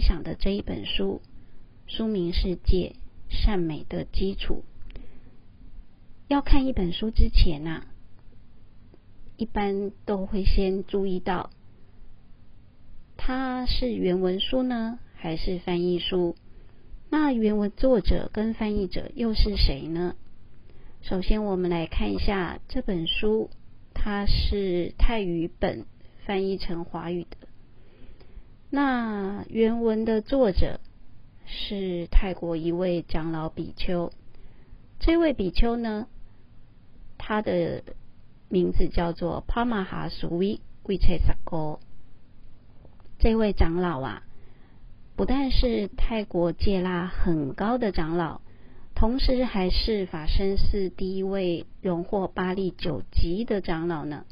想的這一本書，書名是《戒：善美的基礎》。要看一本書之前呢、啊，一般都會先注意到它是原文書呢，還是翻譯書？那原文作者跟翻譯者又是誰呢？首先，我們來看一下這本書，它是泰語本翻譯成華語的。那原文的作者是泰國一位長老比丘。這位比丘呢，他的名字叫做帕瑪哈蘇維維切薩哥。這位長老啊，不但是泰國戒臘很高的長老，同時還是法身寺第一位榮獲巴利九級的長老呢。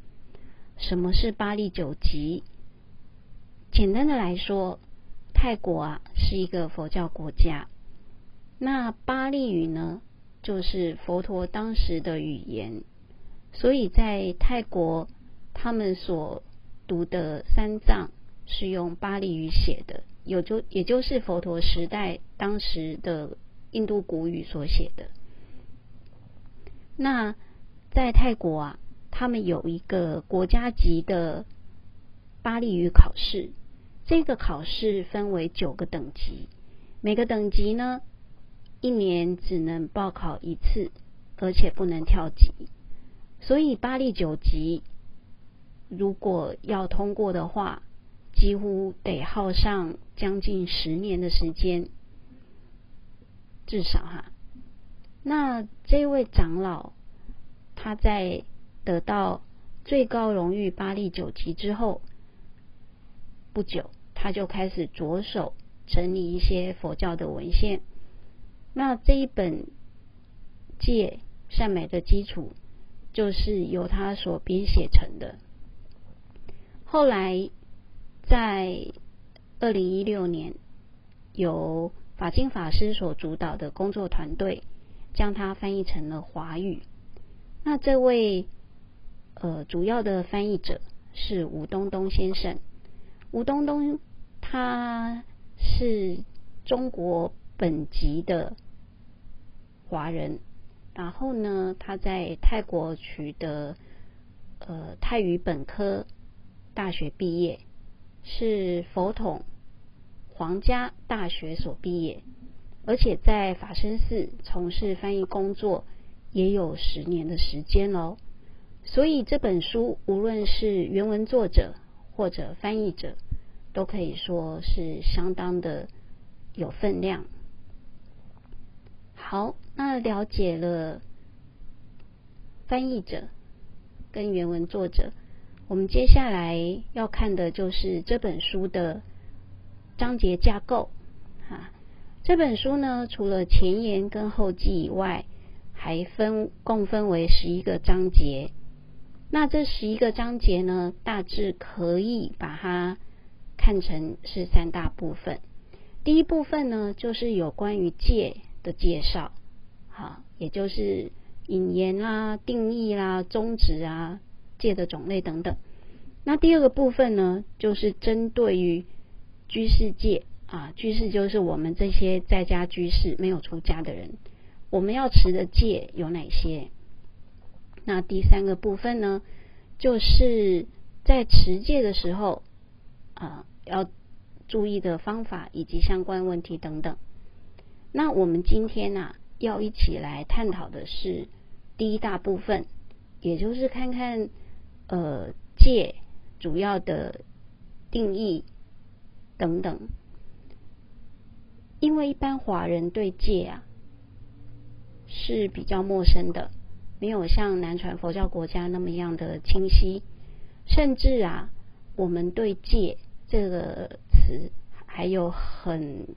什麼是巴利九級？簡單的來說，泰國啊是一個佛教國家。那巴利語呢，就是佛陀當時的語言，所以在泰國，他們所讀的三藏是用巴利語寫的，也就也就是佛陀時代當時的印度古語所寫的。那在泰國啊，他們有一個國家級的巴利語考試。這個考試分為九個等級，每個等級呢，一年只能報考一次，而且不能跳級。所以巴利九級如果要通過的話，幾乎得耗上將近十年的時間，至少哈。那這位長老他在得到最高榮譽巴利九級之後不久。他就開始着手整理一些佛教的文獻，那這一本《戒善美》的基礎就是由他所編寫成的。後來在二零一六年，由法經法師所主導的工作團隊將它翻譯成了華語。那這位呃主要的翻譯者是吳東東先生，吳東東。他是中國本籍的華人，然後呢，他在泰國取得呃泰語本科大學畢業，是佛統皇家大學所畢業，而且在法身寺從事翻譯工作也有十年的時間咯，所以這本書無論是原文作者或者翻譯者。都可以說是相當的有分量。好，那了解了翻譯者跟原文作者，我們接下來要看的就是這本書的章節架構。哈，這本書呢，除了前言跟後記以外，還分，共分為十一個章節。那這十一個章節呢，大致可以把它。看成是三大部分。第一部分呢，就是有關於戒的介紹，哈，也就是引言啦、啊、定義啦、啊、宗旨啊、戒的種類等等。那第二個部分呢，就是針對於居士戒啊，居士就是我們這些在家居士沒有出家的人，我們要持的戒有哪些？那第三個部分呢，就是在持戒的時候。呃，要注意的方法以及相關問題等等。那我們今天啊，要一起來探討的是第一大部分，也就是看看呃戒主要的定義等等。因為一般華人對戒啊是比較陌生的，沒有像南傳佛教國家那麼樣的清晰，甚至啊，我們對戒。這個詞還有很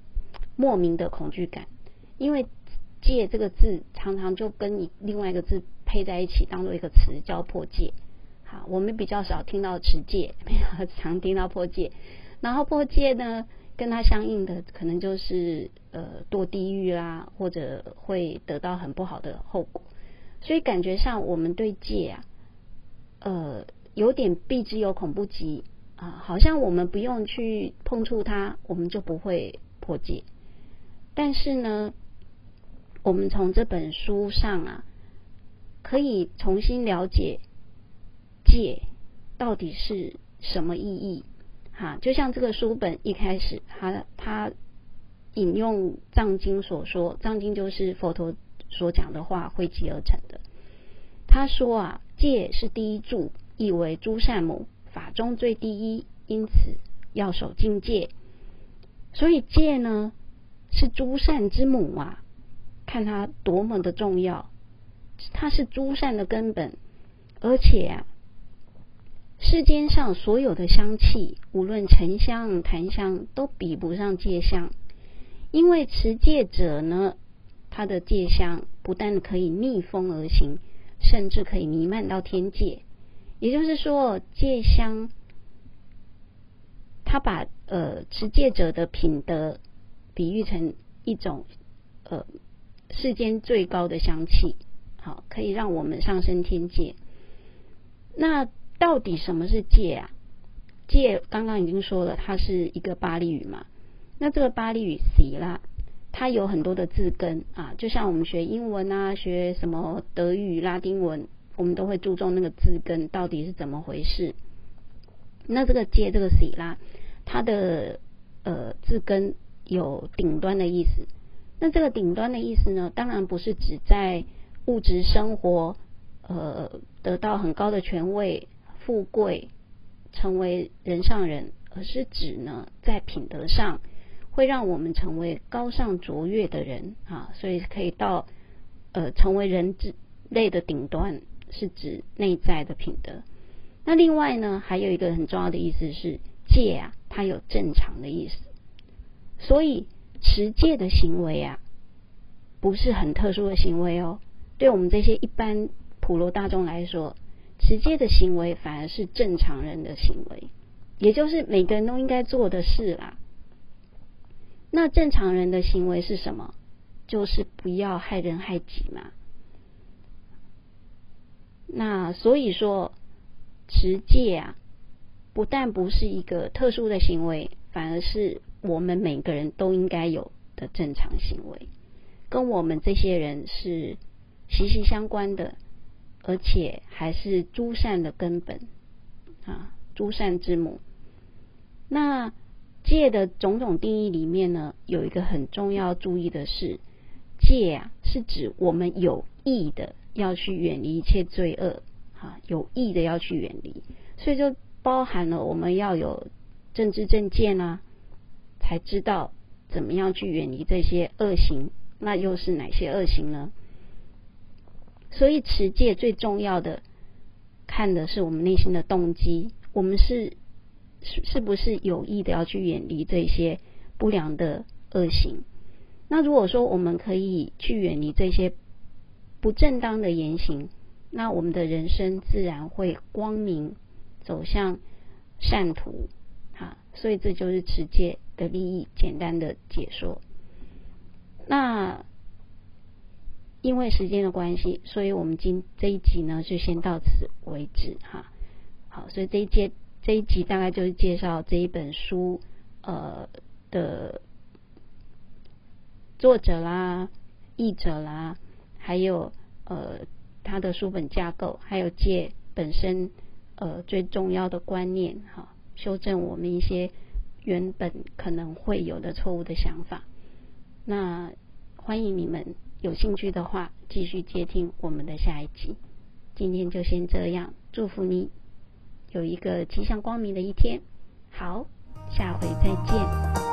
莫名的恐懼感，因為戒這個字常常就跟你另外一個字配在一起，當做一個詞叫破戒。好，我們比較少聽到持戒，沒有，常聽到破戒。然後破戒呢，跟它相應的可能就是呃墮地獄啦、啊，或者會得到很不好的後果。所以感覺上我們對戒啊，呃，有點避之唯恐不及。啊、呃，好像我們不用去碰觸它，我們就不會破戒。但是呢，我們從這本書上啊，可以重新了解戒到底是什麼意義。哈，就像這個書本一開始，他他引用藏經所說，藏經就是佛陀所講的話彙集而成的。他說啊，戒是第一柱，意為諸善母。法中最第一，因此要守禁戒，所以戒呢，是諸善之母啊，看它多麼的重要，它是諸善的根本。而且啊，世間上所有的香氣，無論沉香、檀香，都比不上戒香。因為持戒者呢，他的戒香不但可以逆風而行，甚至可以彌漫到天界。也就是說，戒香，他把呃持戒者的品德比喻成一種呃世間最高的香氣，好，可以讓我們上升天界。那到底什麼是戒啊？戒剛剛已經說了，它是一個巴利語嘛。那這個巴利語 sīla，它有很多的字根啊，就像我們學英文啊，學什麼德語、拉丁文。我們都會注重那個字根到底是怎麼回事。那這個“戒”這個“喜拉”，它的呃字根有頂端的意思。那這個頂端的意思呢，當然不是指在物質生活呃得到很高的權位、富貴，成為人上人，而是指呢在品德上會讓我們成為高尚卓越的人啊，所以可以到呃成為人之類的頂端。是指內在的品德。那另外呢，還有一個很重要的意思是戒啊，它有正常的意思。所以持戒的行為啊，不是很特殊的行為哦。對我們這些一般普羅大眾來說，持戒的行為反而是正常人的行為，也就是每個人都應該做的事啦啊。那正常人的行為是什麼？就是不要害人害己嘛。那所以說，持戒啊，不但不是一個特殊的行為，反而是我們每個人都應該有的正常行為，跟我們這些人是息息相關的，而且還是諸善的根本啊，諸善之母。那戒的種種定義裡面呢，有一個很重要，要注意的是，戒啊，是指我們有意的。要去遠離一切罪惡，哈，有意的要去遠離，所以就包含了我們要有正知正見啊，才知道怎麼樣去遠離這些惡行。那又是哪些惡行呢？所以持戒最重要的看的是我們內心的動機，我們是是是不是有意的要去遠離這些不良的惡行？那如果說我們可以去遠離這些。不正當的言行，那我們的人生自然會光明，走向善途，哈，所以這就是持戒的利益簡單的解說。那因為時間的關係，所以我們今這一集呢就先到此為止哈。好，所以這一節這一集大概就是介紹這一本書呃的作者啦、譯者啦。還有呃，他的書本架構，還有戒本身呃最重要的觀念哈、啊，修正我們一些原本可能會有的錯誤的想法。那歡迎你們有興趣的話，繼續接聽我們的下一集。今天就先這樣，祝福你有一個吉祥光明的一天。好，下回再見。